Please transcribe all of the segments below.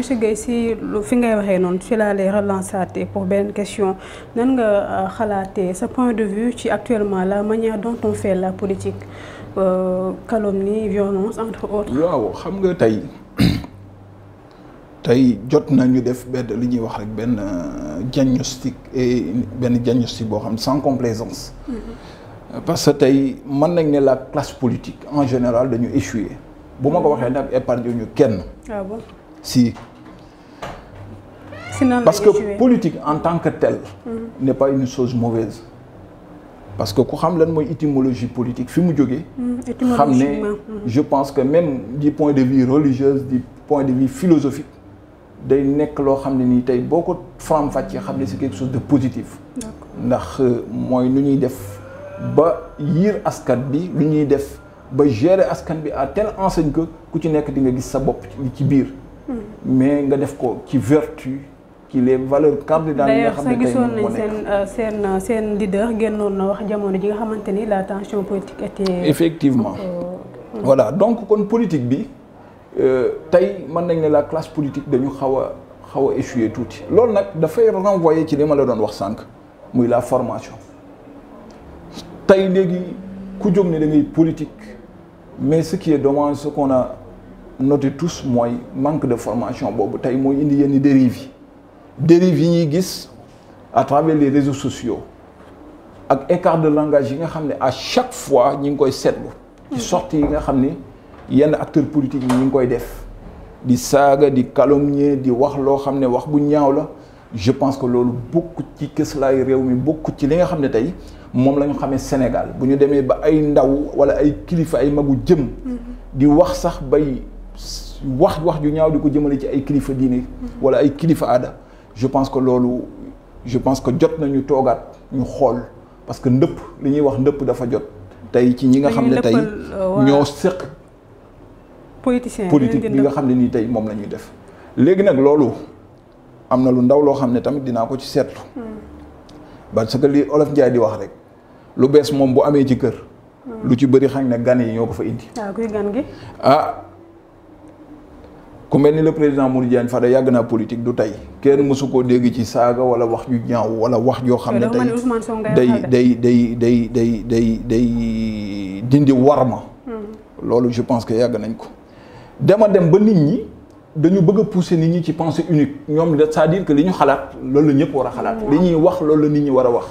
monsieur Guèye le fi ngay waxee non? ci laa lay pour benn question nan nga euh, xalaatee ce point de vue ci actuellement la manière dont on fait la politique euh, calomnie violence entre autres. waaw xam nga tey tay jot nañu def benn li ñuy wax rek ben diagnostic et ben diagnostic bo xam sans complaisance. -hmm. parce que tay man nañ né la classe politique en général dañu échouer bu ma ko waxee nag épargne ñu kenn. Ah si parce que politique en tant que telle mm-hmm. n'est pas une chose mauvaise parce que quand on l'étymologie politique mm-hmm. mm-hmm. je pense que même du point de vue religieuse du point de vue philosophique quelque chose de positif ndax euh, nu gérer askan à tel enseigne que ku ci di nga sa mais nga vertu kii les valeurs cardinales yi nga xam ne tey gisoon euh, euh, leader génnoon wax jamono ji nga xamante la tension politique était. effectivement euh... voilà donc kon politique bi euh, mën nañ ne la classe politique dañu xawa a xaw a échoué tuuti. loolu nag renvoyer ci li ma la doon wax sank muy la formation tay légui ku jóg ne politique mais ce qui est dommage ce qu'on a noté tous mooy manque de formation bobu tay moy indi yenn dérive dérive yi ñuy gis à travers les réseaux sociaux ak écart de langage yi nga xamné à chaque fois ñi koy sétlu ci sortie yi nga xamné yenn acteurs politiques yi ñi koy def di saga di calomnier di wax lo xamné wax bu ñaaw la je pense que lolu beaucoup ci këslaay réew mi beaucoup ci li nga xamné tay mom lañu xamé Sénégal buñu démé ba ay ndaw wala ay kilifa ay magu jëm mm-hmm. di wax sax bay wax wax ju ñaaw di ko jëmale ci ay kilifa diiné mm-hmm. wala ay kilifa aada je pense que lolu je pense que jot nañu toogaat ñu xol parce que ndëpp li ñuy wax ndëpp dafa jot tay ci ñi nga xam tay euh, ñoo politicien politique bi nga xam ni tay mom lañuy def légui nak lolu amna lu ndaw lo xam tamit dina ko ci seetlu hmm. parce que li olaf Njaay di wax rek lu bess mom bu amé ci kër hmm. lu ci bëri xam ne gan yi ñoko fa indi ah, ah ku mel le président Mouridiane Fada yàgg naa politique du tay kenn musuko deg ci saga wala wax ju ñaaw wala wax joo xam tay day day day day day day day dindi warma hmm. lolu je pense que yàgg nañ ko dama dem ba nit ñi dañu bëgg pousser nit ñi ci pensée unique ñom c'est-à-dire que li ñu xalaat loolu la ñëpp war a xalaat hmm. wax lolu la nit ñi wara wax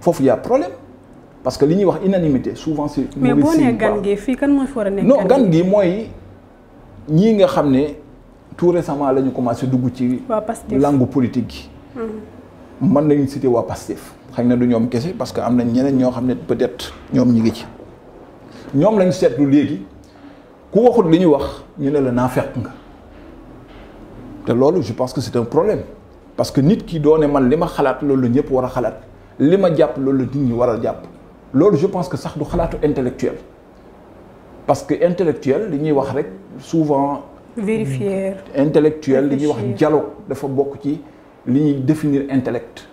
fofu ya problème parce que li ñuy wax unanimité souvent c'est mais boo nee fi gi fii kan mooy war a nekk non gan moy ñii nga xam ne tout récemment la ñu commencé dugg ci langue politique gi mm-hmm. mën nañu cité waa Pastef xëy na du ñoom kese parce que am na ñeneen ñoo xam ne peut-être ñoom ñi ngi ci ñoom lañu seetlu léegi ku waxut li ñuy wax ñu ne la naa fekk nga te loolu je pense que c'est un problème parce que nit ki doone man li ma xalaat loolu la ñëpp war a xalaat li ma jàpp loolu la nit ñi war a jàpp loolu je pense que sax du xalaatu intellectuel parce que intellectuel li ñuy wax rek souvent. vérifier intellectuel li ñuy wax dialogue dafa bok ci li ñuy définir intellect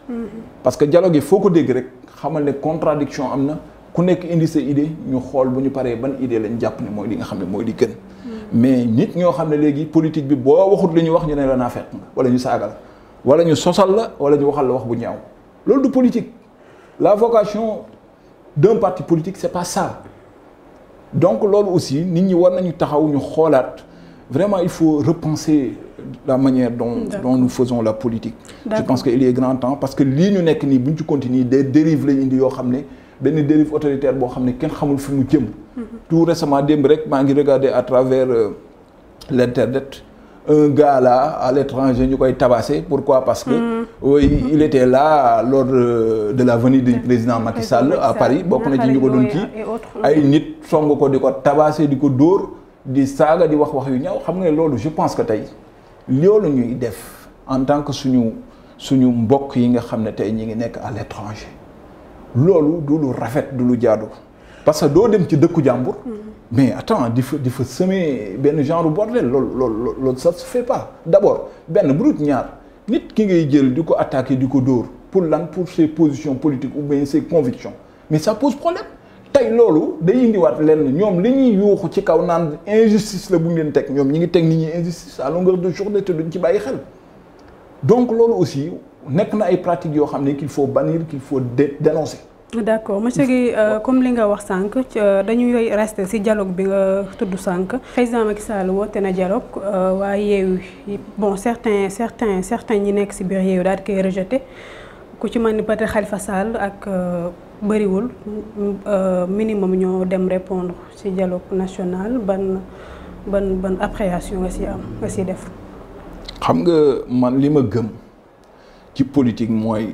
parce que dialogue il faut ko dégg rek xamal né contradiction amna ku nekk indi sa idée ñu xol bu ñu paré ban idée lañ japp né moy li nga xamné moy di li gën. Hmm. mais nit ñoo xamné légui politique bi bo waxut li ñu wax ñu né la na fekk nga wala ñu sagal wala ñu sosal la wala ñu waxal la wax bu ñaaw loolu du politique la vocation d'un parti politique c'est pas ça donc là aussi nit vraiment il faut repenser la manière dont nous faisons la politique je pense qu'il y est grand temps parce que nous ñu continuer des dérives mais ne dérive mhm. tout récemment à travers euh, l'internet un gars là à l'étranger tabassé. pourquoi parce que mm. il était là lors de la venue du président Macky Sall à Paris Il na ñu nit song ko tabasser di saga di wax je pense que ñuy def en tant que suñu suñu sont yi nga à l'étranger parce que doo dem ci dëkku jàmbur. Hmm. mais attends di fa di fa semer ben genre bordel loolu ça se fait pas d'abord ben benn n'y a ñaar nit ki ngay jël di ko attaquer di ko pour lan pour ses positions politiques ou bien ses convictions mais ça pose problème. taille loolu day indiwaat lenn ñoom li ñuy yuuxu ci kaw naan injustice la bu ñu leen teg ñi ngi teg nit ñi injustice à longueur de journée te duñ ci bàyyi xel donc lolo aussi nekk na ay pratiques yoo xam qu'il faut bannir qu'il faut dénoncer d' accord monsieur euh, Guèye comme li nga wax sànq euh, dañuy rester ci dialogue bi nga tudd sànq président Macky Sall na dialogue euh, waaye bon certains certains certains ñi nekk ci biir Yewwi daal rejeté ku ci mel ni peut-être Khalifa Sall ak bëriwul minimum ñoo dem répondre ci dialogue national ban ban ban appréhension nga ci am nga ci def. xam nga man li gëm ci politique mooy.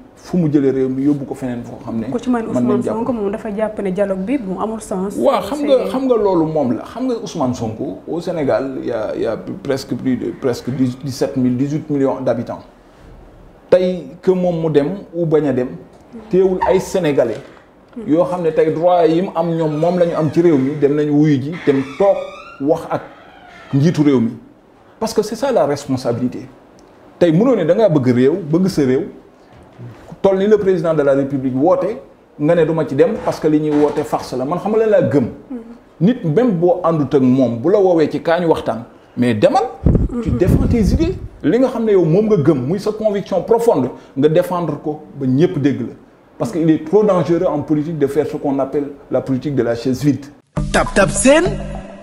fu mu jëlee réew mi yóbbu ko fenen fo xamné ne. ku ci mel Ousmane Sonko moom dafa japp né dialogue bi mu amul sens. wa xam nga xam nga lolu mom la xam nga Ousmane Sonko au Sénégal il y' a il y' a presque plus de presque dix dix sept millions d'habitants tay que mom mu dem ou baña dem teewul ay sénégalais. yo xamné tay droit yi am ñom mom lañu am ci réew mi dem nañ wuyu ji dem tok wax ak njitu réew mi parce que c'est ça la responsabilité tay mënoo ne da nga bëgg réew bëgg sa réew toll ni le président de la république voté nga ne duma ci dem parce que li ñi voté farce la man xam nga la gëm. Mhm. nit même bo andut ak mom bu la wowe ci kaa waxtan mais demal. tu mhm. défends tes idées. li nga xam ne yow mom nga gëm muy sa conviction profonde nga défendre ko ba ñepp dégg la parce que est trop dangereux en politique de faire ce qu'on appelle la politique de la chaise vide. tap tap scène.